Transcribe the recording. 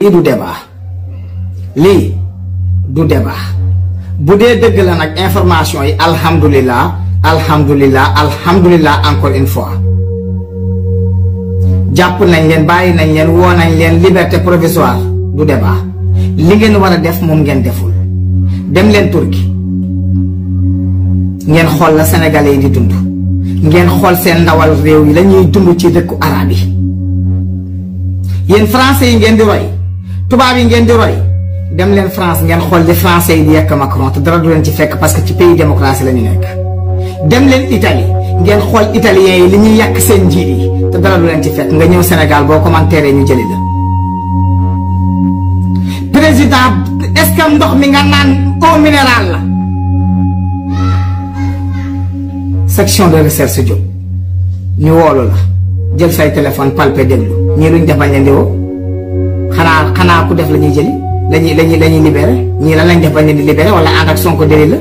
lii du débat lii du débat bu dee dëgg la nag information yi alhamdulilah alhamdulilah alhamdulilah encore une fois jàpp nañ leen bàyyi nañ leen woo nañ leen liberté provisoire du débat li ngeen war a def moom ngeen deful dem leen Turquie ngeen xool la Sénégalais yi di dund ngeen xool seen ndawal réew yi la dund ci dëkku arabe yi yéen yi ngeen di roy tubaab yi ngeen di roy dem leen France ngeen xool li français yi di yekk Macron te dara du leen ci fekk parce que ci pays démocratie la nekk. dem leen Italie ngeen xool italiens yi li ñuy yàq seen njiit yi te dara du leen ci fekk nga ñëw Sénégal boo commentaire ñu jëli la. président est ndox mi nga naan eau minérale la. section de recherche Diop ñu woolu la jël say téléphone palpé déglu ñii luñ def bañ leen di woo xanaa xanaa ku def la ñuy jëli la ñuy la ñuy la ñuy libéré ñii lan lañ def bañ ni di libéré wala ànd ak Sonko délit la.